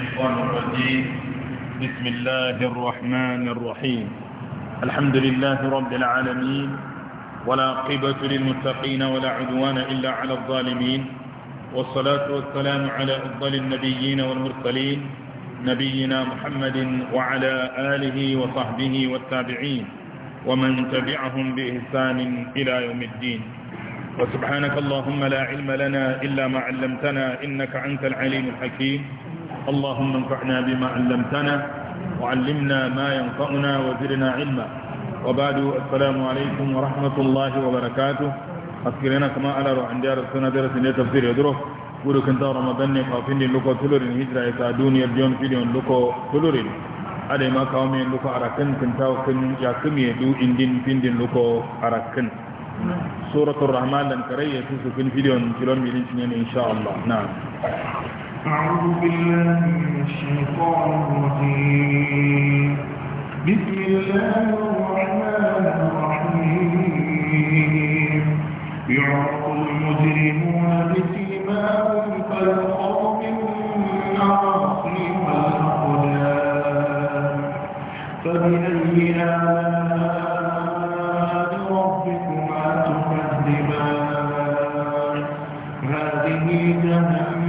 الشيطان الرجيم بسم الله الرحمن الرحيم الحمد لله رب العالمين ولا قبة للمتقين ولا عدوان إلا على الظالمين والصلاة والسلام على أفضل النبيين والمرسلين نبينا محمد وعلى آله وصحبه والتابعين ومن تبعهم بإحسان إلى يوم الدين وسبحانك اللهم لا علم لنا إلا ما علمتنا إنك أنت العليم الحكيم اللهم انفعنا بما علمتنا وعلمنا ما ينفعنا وزرنا علما وبعد السلام عليكم ورحمة الله وبركاته أذكرنا كما على روحان ديار السنة درس تفسير يدرو ودو كنت رمضان قافين لكو تلورين هجرة يساعدون يبدون فيديون لكو تلورين ada ma kawo mai luko arakin kun tawo kun ya kume du indin findin luko arakin suratul rahman dan karayya su su kun fidiyon kilon milin ne insha Allah na أعوذ بالله من الشيطان الرجيم بسم الله الرحمن الرحيم يعرف المجرمون بسيماهم فالقوم النواصي والأقدام فبأي آلاء ربكما تكذبان هذه جهنم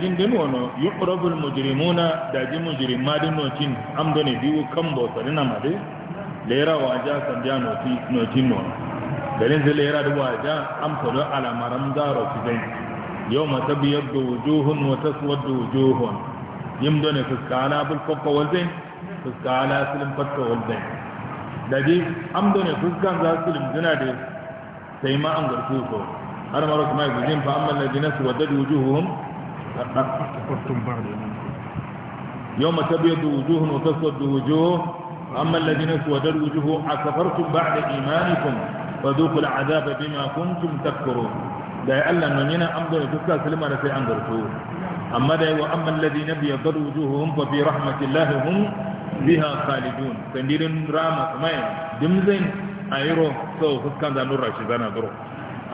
jindin wano yukurabul mujirimuna daji mujirin madin nocin amdane biyu kan bautari na madu lera wa aja sanja nocin wano zai lera da wa aja amfado alamaran zaro su zai يوم تبيض وجوه وتسود وجوه يمدن فسكالا بالفق والزين فسكالا سلم فتك والزين دادي أمدن فسكان ذا سلم زنادي سيما أنظر سوسو أنا مرة ما يقولين فأما الذين سودت وجوههم يوم تبيض وجوه وتسود وجوه أما الذين سودت وجوه أكفرتم بعد إيمانكم فذوقوا العذاب بما كنتم تكفرون da ya Allah nan yana an bai fuska sulma da sai an garto amma da yawa Amman amma alladhina bi yadru wujuhuhum fa fi rahmatillahi hum biha khalidun kandirin rama kuma dimzin ayro so fuskan da nurra shi zana duro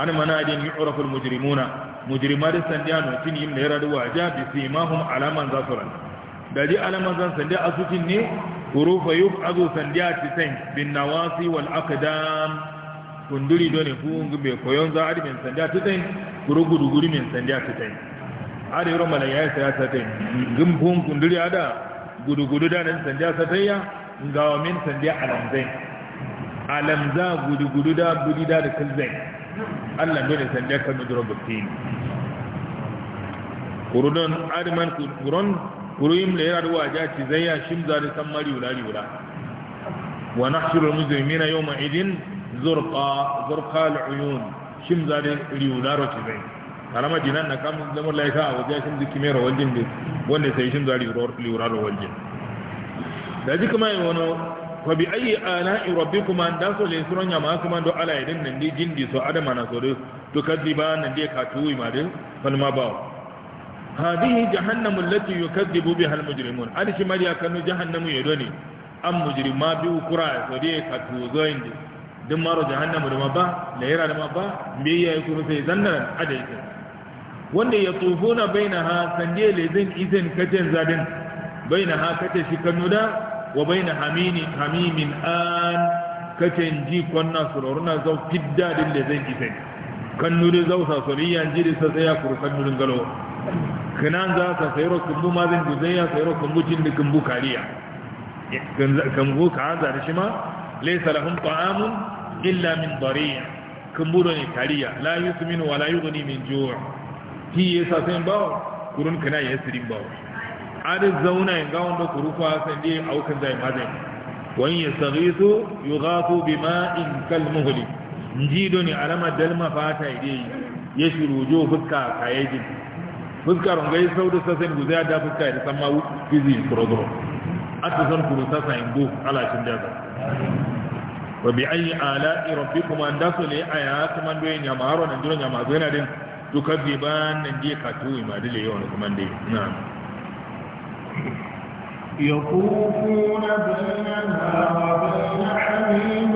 an mana din yu'rafu almujrimuna mujrima da sandiano tin yin da yara da waja bi simahum alaman zasuran da ji alaman zan sandiya asutin ne hurufa abu sandiya tisan bin nawasi wal aqdam kunduri doni ngube be koyonzo adi men sanda guru guru guri men sanda tutai, adi ro mala yaya sa tutai ngum bun kunduri ada guru guru da nan sanda ya ngawa men sanda alamzai alamza guru guru da budi da da zai? Allah dole sanda kan duro buktin kurudan adi man kurun kuruyim le yara waja ci zayya shimza da san mari wala wala wa nahshuru al-mujrimina yawma idin zurqa zurqal uyun shim zane riyunaro ci bai kalama dinan na kam zama laika a wajen shim ziki mera waljin da wanda sai shim zari da waljin da ji kuma yi wani fa a ayi ala'i rabbikuma da so le suron ya kuma do ala nan di jindi so adama na so to kadiba nan di ka tuwi ma din falma ba هذه جهنم التي يكذب بها المجرمون أنا شمال يا كانوا جهنم يدوني أم مجرم ما بيو كرا سودي كتوزين دي duk maro jahannama da ba layira da ba me ya yi kuma sai zannan ta. wanda ya tufuna baina ha sande le zan izin kacen zadin baina ha kace shi kanuda wa baina hamini hamimin an kace ji kwanna sururuna zau fidda din le zan izin kanuda zau sa soliyan da sa tsaya kur kanudin galo kanan za sa sayro kumbu mazin guzayya sayro kumbu cin da kumbu kariya kan zo ka an zari shi ma laysa lahum ta'amun illa min bari kumburo ne kariya la yusminu wa la yughni min ju' hi yasa sen ba kurun kana yasirin ba ari zauna in ga wanda kurufa sai dai aukan zai mazai wa in yastaghisu yughathu bima'in kalmuhli njido ni alama dalma fata idai ya jo fuska Fuska fuskar ngai saudu sasen guzaya da fuska da samma fizi progro at san kuru sasa ingo ala alashin da وبأي آلاء ربكما دخل آيات من دون يا مارو نجر يا تكذبان نجي كاتوي ما دي ليون نعم يطوفون بيننا وبين حميم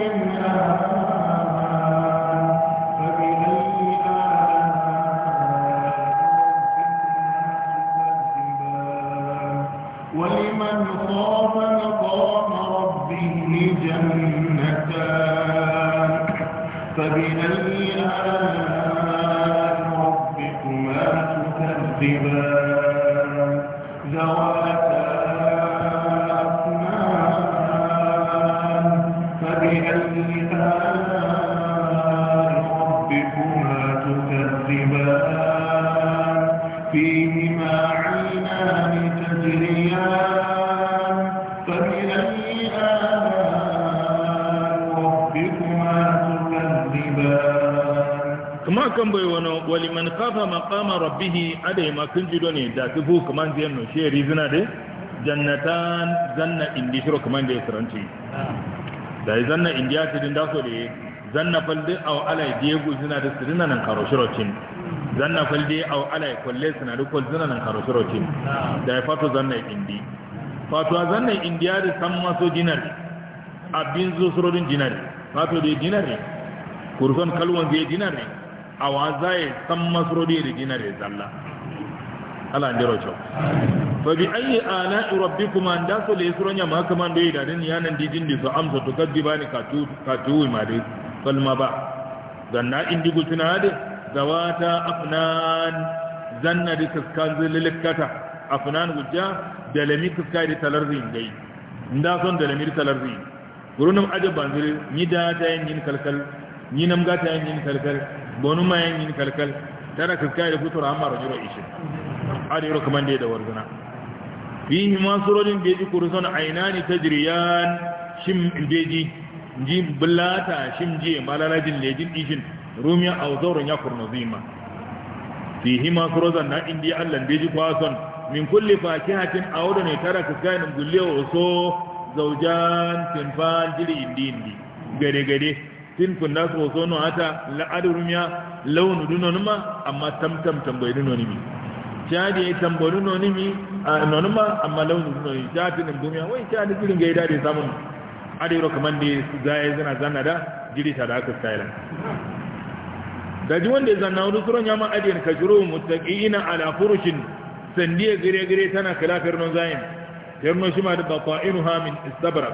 ولمن خاف مقام ربه جميل فبأي آلاء ربكما تكذبان maqama rabbih ade ma kun jido ne da tubu kaman je no she rizna de jannatan zanna indi shiro kaman je saranci da zanna indiya ti din da so de zanna falde aw ala gu zina da sirina nan karo cin. zanna falde aw ala kwalle sina da kwal zina nan karo cin. da ya fato zanna indi fato zanna indiya da san maso dinar abin zo surodin dinar fato de dinar ne kalwon kalwan dinar ne awazaye san masrodi gina da zalla Allah ndiro cho fa bi ayi ala rabbikuma nda so le suro nya maka man do ida den yanan didin di so amsa to kadibani katu katu ma fal kalma ba ganna indi gutuna de zawata afnan zanna di kaskan zililkata afnan gujja da lami kaskai di talarzin dai nda son da lami di talarzin gurunum ajaban zil ni da ta yin kalkal ni nam ga ta yin kalkal bonu mayan yin kalkal tana kaskaya da fitar amma rajiro ishin har yi rukuman da ya da warzuna fihi da rojin beji kurusan aina ne ta jiriyan shim beji ji bulata shim je malalajin lejin ishin rumiya a zaurin ya kurna zima fihi masu rojin na indiya allan beji kwason min kulle fakihatin a wadda ne tara kaskaya da gullewa so zaujan tinfan jiri indi indi gare-gare tin kun da so so no ata la adrum ya launu duno numa amma tam tam duno ni mi jadi duno ni mi no numa amma launu dunon mi jadi nan dumiya wai jadi girin ga ida da samun adiro kaman da zai zana zana da jiri ta da aka style da ji wanda zanna wani tsoron ya ma'adiyar ka juro mutaki ina ala furushin sandiya gire-gire tana kala firnon zayin firnon shi ma da bafa'iru hamin istabara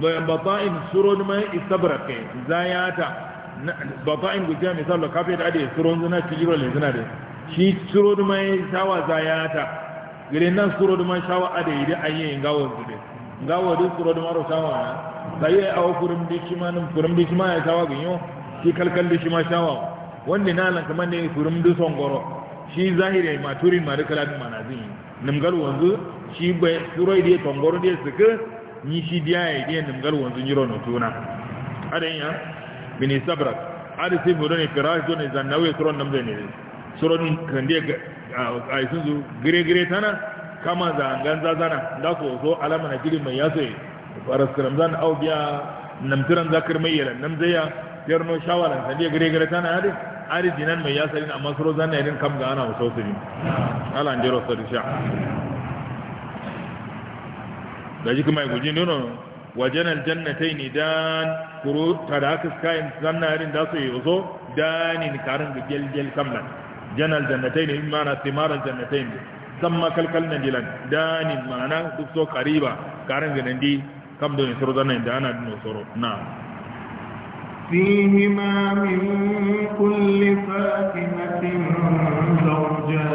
bata'in suron mai istabrake zayata bata'in gujiya misalo kafin da ade suron zina ci jiro le zina da shi suron mai shawa zayata gire nan suron mai shawa ade ide ayi ngawo gude ngawo du suron maro shawa sai ya awo furum di kima nan furum ya shawa gunyo shi kalkal di shawa wanda na lan kaman ne furum du songoro shi zahiri maturin ma da kala manazin nimgal wanzu shi bai suroi di tongoro di suka ni shi biya ya diya dangar wanzu nyiro na tuna adan ya bini sabrak ada sai mu dani kirash don zan nawe suron zai ne suron kande ai sun zu gire gire tana kama za ngan za zana da ko so alama na girin mai yasai faras ramzan au biya namtiran zakir mai yalan ya yarno kan dai gire gire tana ade ari dinan mai yasai amma suro ne din kam ga ana wasu su ne ah. ala ndero sha daji kuma guji nuno wajen aljannatai ne dan kuro ta da haka kayan zannarin da su yi ozo danin karin da gyalgyal kamlan jan aljannatai ne mana timaran jannatai ne san makalkal na dilan danin mana duk so kariba karin ganin di kam da nisoro zannan da ana dino soro na فيهما من كل فاكهة زوجان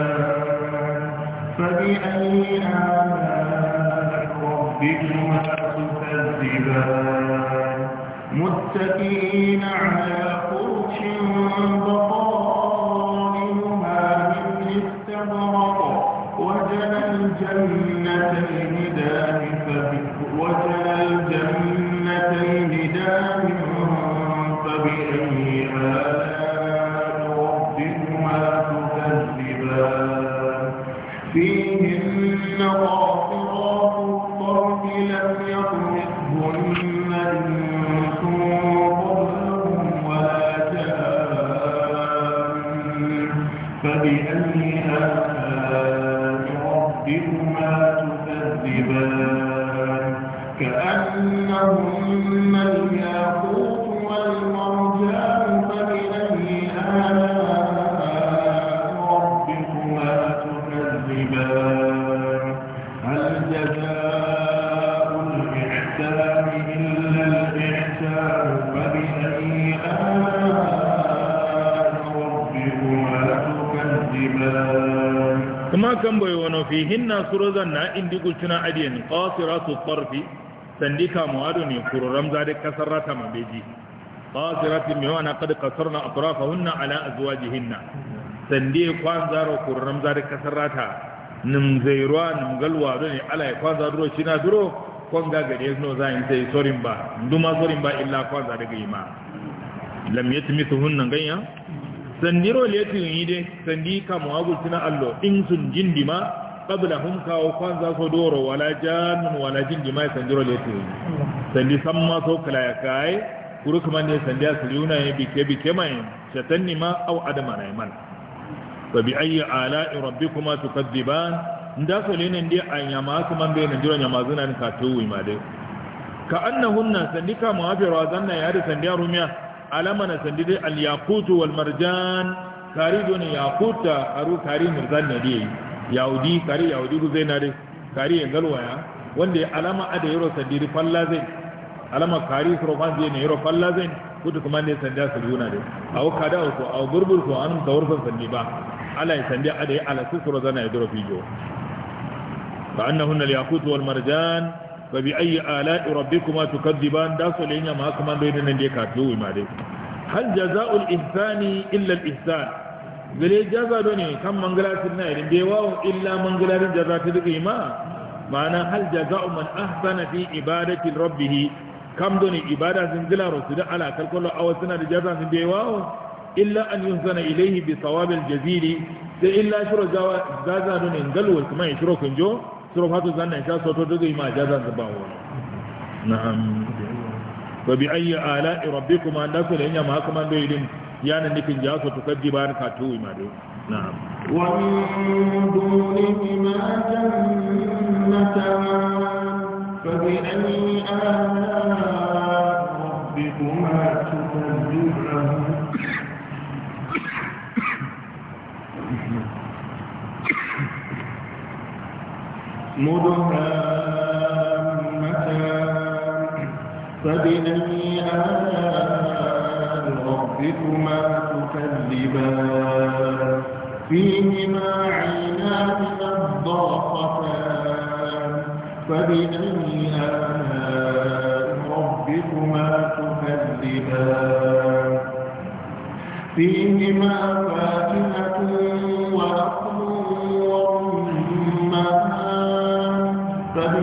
فبأي آلاء ربكما تكذبان متكئين على فرش بطائرها من استبرق وجنى الجنتين دان وجنى الجنتين دان فبأي آلاء ربكما تكذبان فيهن طاقة amma kan bai wani fi hinna surozan na indi gulcina adiyan kawasira su tsarfi sandika mu'adu ne ramza da kasar rata mabeji Kawasira su mewa na kada kasar na aturafa hunna ala azuwa hinna sandi kwan zaro ramza da kasar rata nim zairuwa nim galwa don ne ala ya kwan zaro shi na zuro kwan gagari ya za in sai sorin ba nduma sorin ba illa kwan zaro ga yi ma lam yatmisu hunna ganya sandiro letin yi de sandi kamo na allo in sun ma qabla hum kawo kwanza so doro wala janun wala jindima sandiro letin yi sandi samma so kala ya kai kuru kuma ne sandi asiriuna yi bike bike mai shatanni ma au adama na iman fa bi ayi ala'i rabbikuma tukadiban nda so lenen de nyama kuma be nan jiro nyama ni ka tuwi ma de ka annahunna sandika mu'afira zanna ya da sandiya rumiya alamana sandide al-yaqutu wal marjan kari don yaquta aru kari marjan ne dai yaudi kari yaudi ku zaina dai kari yangalwa ya wanda alama ada yaro sandide falla zai alama kari profan zai ne yaro falla zai kuta kuma ne sanda su yuna dai aw kada ko aw burbur ko anum tawurfan sandi ba ala ya sandi ada ya ala susura zana ya duro fijo fa annahunna al-yaqutu wal marjan ba bi ayi ala'i rabbikuma ba da so lenya ma kuma do ne ne ka to ma dai hal jazaa'ul ihsani illa al ihsan gele jaza do ne kan mangala sin na irin bai wawo illa mangalarin jaza ta duka ma ma'ana hal jazaa'u man ahsana fi ibadati rabbih kam do ne ibada sin gila da ala kalkullu aw suna da jaza sin bai wawo illa an yunzana ilayhi bi thawabil jazili sai illa shiro jaza do ne ngalwal kuma ya shiro kunjo surafatu zanna insha soto dugu ma jazan da bawo na'am Ba bi ayyi ala'i rabbikum an dasul yanya ma haka man ya yana nufin ja su tukaddi ba ka tuwi ma dai na'am wa min dunihi ma jannatan fa bi ayyi ala'i rabbikuma مدهامتان فبأي آلاء ربكما تكذبان فيهما عينان نضاقتان فبأي آلاء ربكما تكذبان فيهما فاكهة وأخرى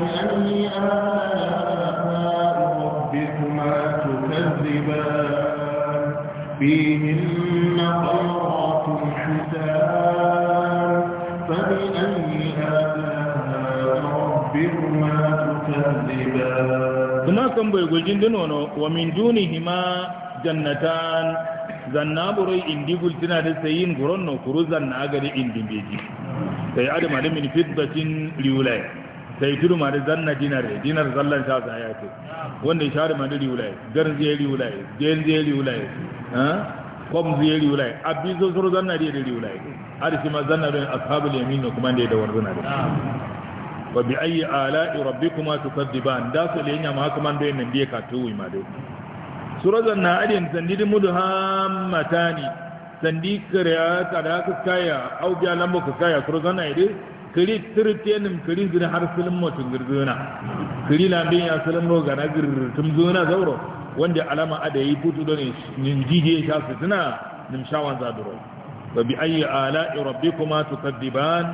فبأي آلاء ربكما تكذبان فيهن خيرات حسان فبأي آلاء ربكما تكذبان ina kan bai gujin dinono wa min dunihima jannatan zanna burai indigul tana da sayin guron no kuru zanna gari indin beji sai adam adam min fitbatin liulai sai tudu ma da zanna dinare dinar zallan sha sa ya ce wanda shari ma da riwulai gar zai riwulai gen zai riwulai kom zai riwulai abin zo zuru zanna da riwulai shi ma zanna da ashabul yamin da kuma da war zuna da wa bi ayi ala'i rabbikuma tukadiban da su lenya ma kuma da yin biye ka tuwi ma dai surazan zanna adin sandi da mudu hammatani sandi kariya ta da kaya au biya lambo ka kaya zanna na kiri tirtenim kiri zina har sulun mutum girgina kiri na bin ya sulun roga gana girtum zuna zauro wanda alama ada yi putu don nin jije sha su tuna nin shawan zaduro ba bi ayi ala rabbikuma tukadiban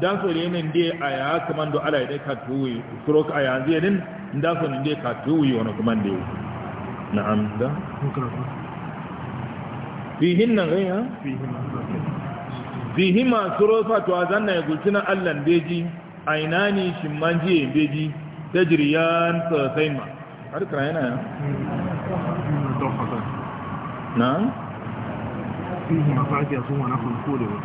dan so ne nan dai aya kuma do ala dai ka tuwi suro ka ya zai nan dan so ne dai ka tuwi wani kuma dai na'am da fihin nan gaya fihin bihi masu rofa to a zanna ya gulci na allan beji a ina ne shimman jiye beji ta jiriyan sosai ma har kira yana ya? na? fihi mafaki a sun wana kulko da wasu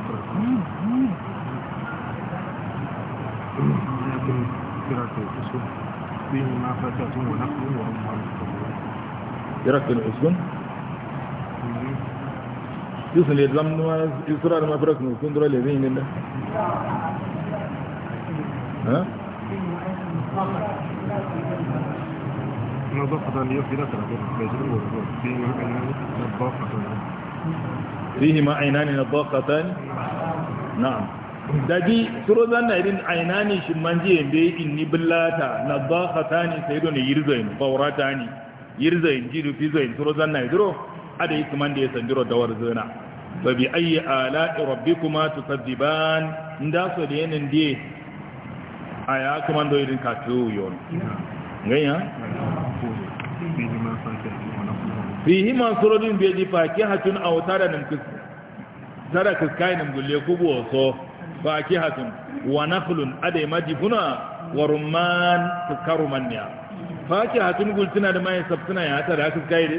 kira kan usun يوصل يدلم نواز يصرار ما فرق نوكون دولا لذين الله ها فيهما عينان نضاقتان نعم دجي سرودان نيرين عيناني شمانجي امبي اني بلاتا نضاقتان سيدون يرزين فوراتاني يرزين جيرو فيزين سرودان نيرو ادي كمان دي سنجرو دور زنا fa bi ayyi ala'i rabbikuma tukadziban nda so de yenen die aya kuma ndo irin ka to yon ngaya fihi ma surodin bi ji fakihatun aw taranan kus tara kus kainin gulle kubo so fakihatun wa nakhlun adai majibuna wa rumman tukarumanniya faki hatun gultuna da mai sabtuna ya hata da aka kai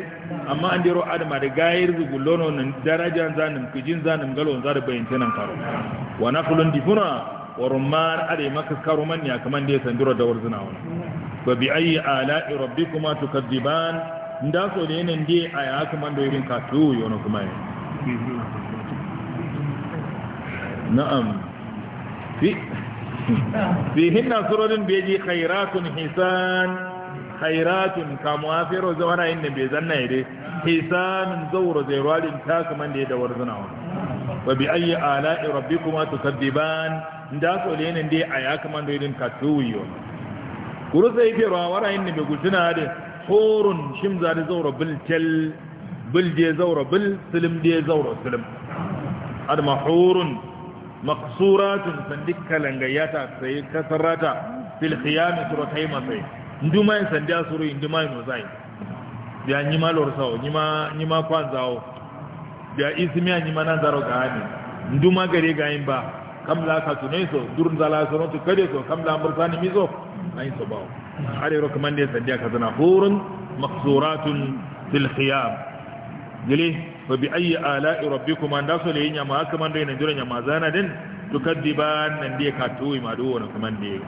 amma an dero adama da gayar da gullono nan daraja zanin kujin zanin galon zar bayyantin nan karo wa naqlun difuna wa rumman ade maka karo man ya kaman da sanduro da warzuna wa ba bi ayi ala'i rabbikuma tukadiban nda so ne nan dai aya kaman da irin ka to kuma no kuma na'am fi hinna sururun biyaji khairatun hisan khairatun kamu afero zawana inda bai zanna ide hisanun zawro zairwalin man da ya dawar warzuna wa ba bi ayi ala'i kaddi tukadiban da so yanin dai aya kaman da idin katuwiyo kuru sai ke rawara inda bai gutuna da horon shimza da zauro bil tel bil je zawro bil silim je zauro silim ad mahurun maqsuratun sandik kalangayata sai kasarata fil khiyam suratai masai nduma yin sandi asuru nduma yin ozai ya nyima lorsao nyima nyima kwanzao ya ismiya nyima nanzaro gani nduma ga yin ba kam kamla ka tunai so durun zala so to kade so kam kamla ambursani mizo ayin so ba bawo are recommend sandi aka zana hurun maqsuratun fil khiyam gele fa bi ayi ala'i rabbikuma ndaso le nyama haka man dai nan jira nyama zana din tukadiban nan dai ka tuwi ma do wannan kaman dai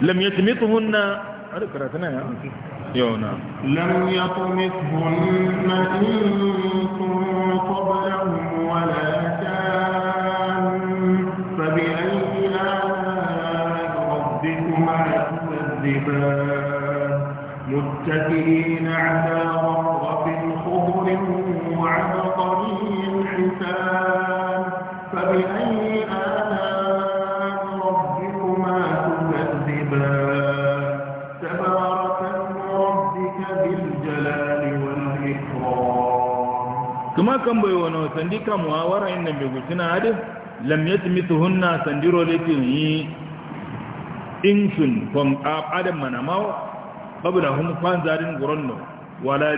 لم يتمطهن عليك راتنا يا يونا نعم. لم يطمثهن إنس قبلهم ولا كان فبأي آلاء ربكما تكذبان متكئين على رغب خضر وعلى طريق حسان فبأي آلاء kan bai wani sandi kamuwa muhawara inda mai gushina hadi lam ya tumi su hunna sandiro laifin yi insun kwan adam mana mawa babu da hun kwan zarin guranno wala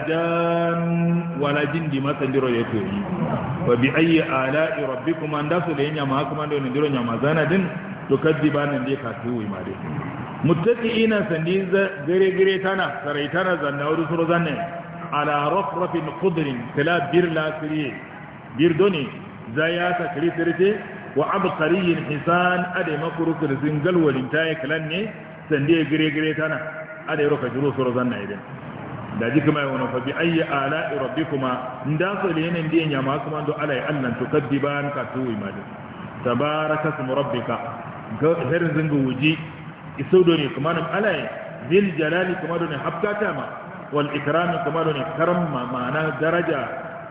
jin di ma sandiro laifin yi wa bi ayi ala irabbi kuma da su da yin ma kuma da wani diron yamma zana din to kaddi ba nan da ya kasu wuyi ma dai mutaki ina sandi gare-gare tana sarai tana zanna wuri suru zanne ala rafrafin khudrin tala bir lasiriye bir doni zayata kirisirte wa abqariyin hisan ade makurukul zingal walinta kalan ne sande gire gire tana ade roka jiro soro zanna idan da kuma yana fa bi ayi ala rabbikuma nda so le yenen ya masu mando alai allan an ka tuwi madin tabaraka smu rabbika ga herin zingu wuji iso doni kuma nan alai zil jalali kuma doni habkata ma wal ikrami kamar ne karam ma'ana daraja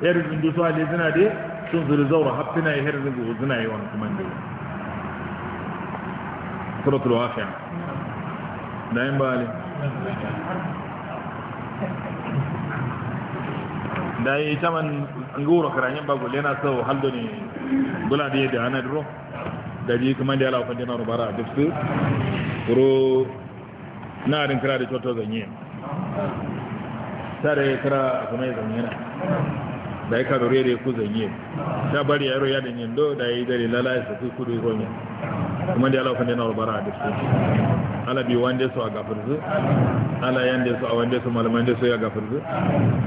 yar zindu su ali zina de sun zuri zaura haftina yar zindu zina yi wani kuma ne suratul waqi'a da yin bali da yi taman ngoro karanin bago lena sau haldo ne gula da yadda ana duro da ji kuma da yalawa kwanjina rubara a duk na rin kira da coto ganye sare kira kuna zanyena da ka dore da ku zanye ta bari ya yaro ya danyen do da yi dare lalaye su kudu ronya kuma da alafin yana rubara a su ala bi wanda su a gafirzu ala yanda su a wanda su malaman da su ya gafirzu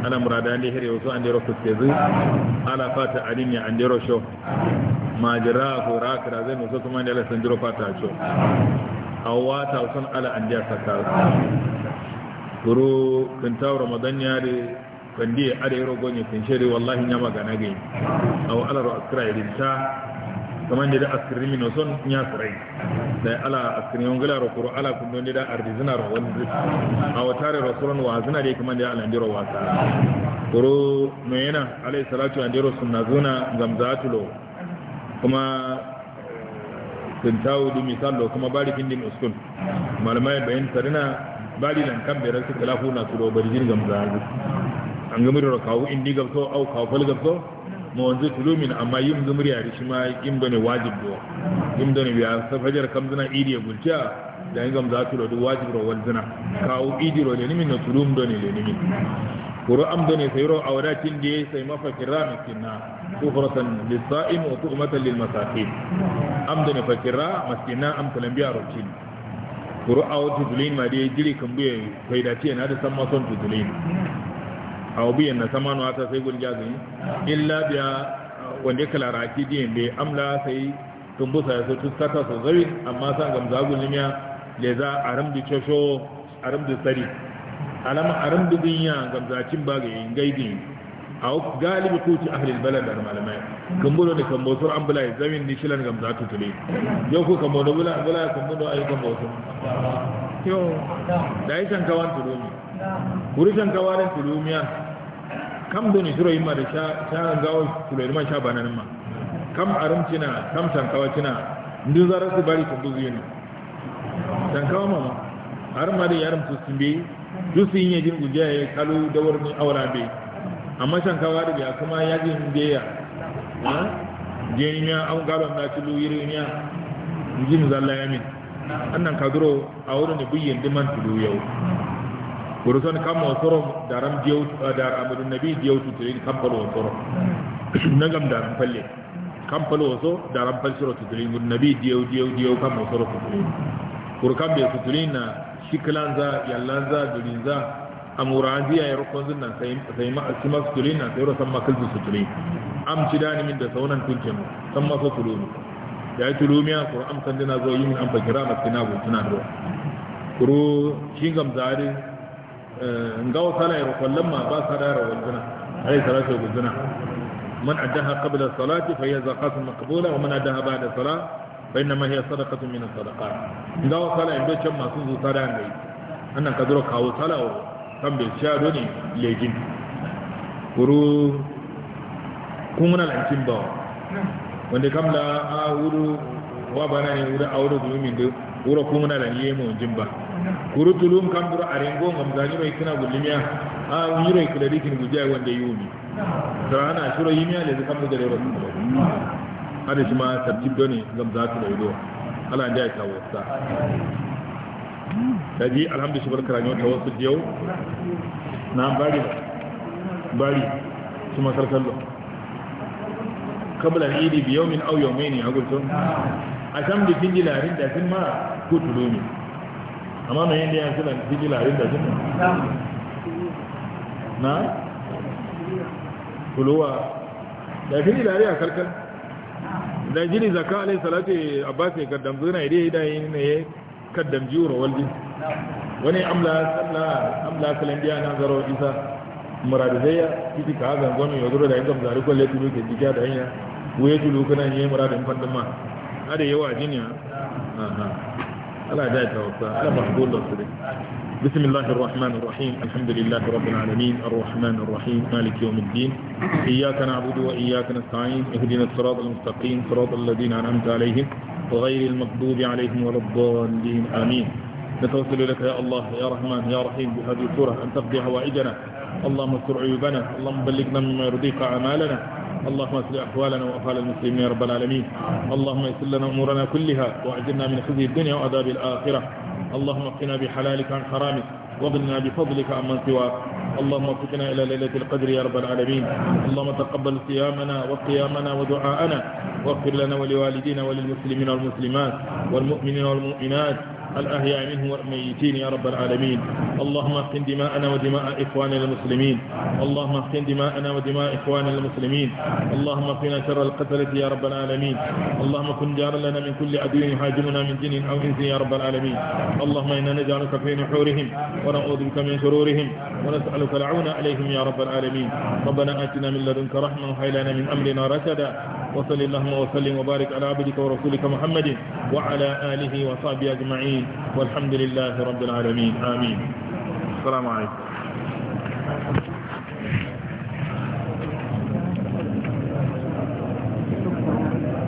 ala murada yanda hiri wasu an dero zu ala fata alin ya an dero sho majira ko rakira zai musu kuma da ya san dero fata sho a wata sun ala an dero sakar buru kanta ramadan yare kandi are yaro gonye pinsheri wallahi nyama gana gai aw ala ro akra kamar ne da askiri mino son nya sarai da ala askiri on gala ro kuro ala kun don da arzina ro wanda aw tare rasulun wa azina dai kamar da ala ndiro wa sa buru mena alai salatu andiro sunna zuna gamzatulo kuma eh, kanta wudu misal kuma barikin din uskun malamai bayin sarina bali nan kan beral ta talafu na turo bari jirgam zagu an gamuri ro kawo indi gabto au kawu fal gabto mo wanzu tulumin amma yim gamuri ari shi ma yim bane wajib do yim done biya safajar kam zina idi gulciya da ngam za turo du wajib ro wanzina kawo idi ro ne nimin na tulum done le nimin kuro am done sai ro awada kin de sai mafakira mikinna tuhratan lis-sa'im wa tu'matan lil-masakin am done fakira maskina am talambiya rutin wata tudulin ma dai jiri kan buye faida ce na da san ma son tudulin aw biyan na sama no sai gurja zai illa biya wanda kala raki din be amla sai tumbusa sautu tuskata so zari amma sa gamza gulmiya da za aram rambi chosho aram rambi sari Alama aram rambi dunya gamza cin ba ga yin gaidin a galibi kuti ahli albalad da malamai kambo ne kambo sur an bulai zamin ni shilan gam zatu tule yau ku kambo da bula bula kambo da ayi kambo sur yo dai san kawan turumi kuri san kawarin turumiya kam do ni sura ma da sha sha gawo tulairma sha banan ma kam arumcina kam san cina, ndin zara su bari kambo zuyini san Shankawa ma har ma da yaram su sun bi dusin yajin gujaye kalu dawar ni aura bai amma shankawa da biya kuma yajin geya ya an galon na cilu ya. jin zalla yamin annan kaduro a wurin da biyin diman tulu yau gurusan kan mawasoron da ram jiyau da ramadun nabi jiyau tuturin kan falo wasoron na gam da ran falle kan falo waso da ran falsiro tuturin gudun nabi jiyau jiyau jiyau kan mawasoron tuturin gurukan bai tuturin na shikilanza yallanza durinza amuraziya ya rukun zinnan sai ma asima sutuli nan sai rosan makal zu sutuli am ci dani min da saunan tunke mu san ma so tulumi da ya tulumi a kuru am san dina zo yi min an fakira masu sina bu tuna do kuru shi gam zari ngaw sala ya rukun ma ba sa sada ra wajina ai salatu guzina man addaha qabla salati fa hiya zaqatun maqbula wa man addaha ba'da salati fa inna ma hiya sadaqatun min as-sadaqat ngaw sala in do can masu zu sada ngai annan ka duro kawo sala do ne legin kuru kumuna lantin ba wanda kamla a wuru wa bana ne wuri a wuri gulumin da wuri kumuna da yemo jin ba kuru tulum kamburu a rengo ngamzani mai tuna gulumiya a wuri rai dikin rikin gujiya wanda yi wumi sarana shiro yi miya da zai kamla da rai rasu hada shi ma sabtib doni ngamzatu da yi ala da ya kawo Daji, alhamdu shi barka rayuwar wasu yau na bari bari su masar kallo kabla idi au yau mai ne a gurto a can da kin jilarin da sun ma ku tulo ne amma mai da yan suna kin jilarin da sun na kuluwa da kin jilari a karkar da jini zaka alai salatu abbas ya gaddam zuna idai idai ne kaddam juro walbi wani amla salla amla kalandiya na zaro isa muradizaya kiti ka hazan gwami ya zuro da yankan zari kwalle tulu ke jikiya da hanya wuye tulu kuna yi muradin fandin ma ada yawa jiniya ala jai tawassa ala mahbul da su dai بسم الله الرحمن الرحيم الحمد لله رب العالمين الرحمن الرحيم مالك يوم الدين إياك نعبد وإياك نستعين اهدنا الصراط المستقيم صراط الذين أنعمت عليهم وغير المكذوب عليهم ولا الضالين آمين نتوسل لك يا الله يا رحمن يا رحيم بهذه الكره أن تقضي حوائجنا اللهم استر عيوبنا اللهم بلغنا مما يرضيك أعمالنا اللهم اصلح احوالنا واحوال المسلمين يا رب العالمين اللهم يسر لنا امورنا كلها واعجلنا من خزي الدنيا وعذاب الاخره اللهم اقنا بحلالك عن حرامك وضلنا بفضلك عمن سواك اللهم وفقنا إلى ليلة القدر يا رب العالمين اللهم تقبل صيامنا وقيامنا ودعاءنا واغفر لنا ولوالدينا وللمسلمين والمسلمات والمؤمنين والمؤمنات الأحياء منهم والميتين يا رب العالمين اللهم احقن دماءنا ودماء إخواننا المسلمين اللهم احقن دماءنا ودماء إخواننا المسلمين اللهم اقنا شر القتلة يا رب العالمين اللهم كن جارا لنا من كل عدو يهاجمنا من جن أو إنس يا رب العالمين اللهم إنا نجعلك في نحورهم ونعوذ بك من شرورهم ونسألك العون عليهم يا رب العالمين ربنا آتنا من لدنك رحمة وهي لنا من أمرنا رشدا وصل اللهم وسلم وبارك على عبدك ورسولك محمد وعلى آله وصحبه أجمعين والحمد لله رب العالمين آمين السلام عليكم